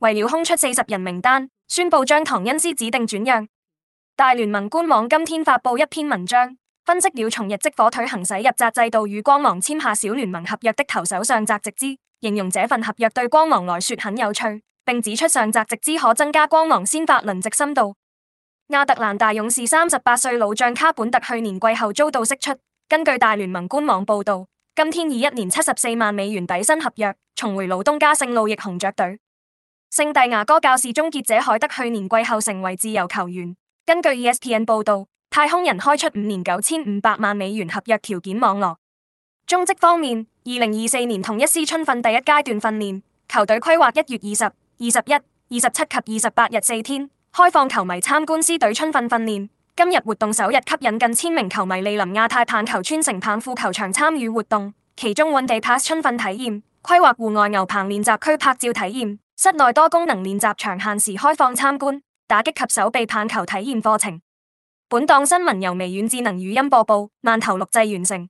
為了空出四十人名單，宣布將唐恩斯指定轉讓。大聯盟官網今天發佈一篇文章，分析了從日即火腿行使入札制度與光芒簽下小聯盟合約的投手上澤直之，形容這份合約對光芒來說很有趣，並指出上澤直之可增加光芒先發輪值深度。亞特蘭大勇士三十八歲老將卡本特去年季後遭到釋出，根據大聯盟官網報道，今天以一年七十四萬美元底薪合約重回老東家聖路易紅雀隊。聖地牙哥教士終結者海德去年季後成為自由球員。根據 ESPN 報道，太空人開出五年九千五百萬美元合約條件網絡。中職方面，二零二四年同一師春訓第一階段訓練，球隊規劃一月二十、二十一、二十七及二十八日四天開放球迷參觀師隊春訓訓練。今日活動首日吸引近千名球迷蒞臨亞太棒球村成棒副球場參與活動，其中一日 pass 春訓體驗，規劃戶外牛棚練習區拍照體驗。室內多功能練習場限時開放參觀，打擊及守備棒球體驗課程。本檔新聞由微軟智能語音播報，慢頭錄製完成。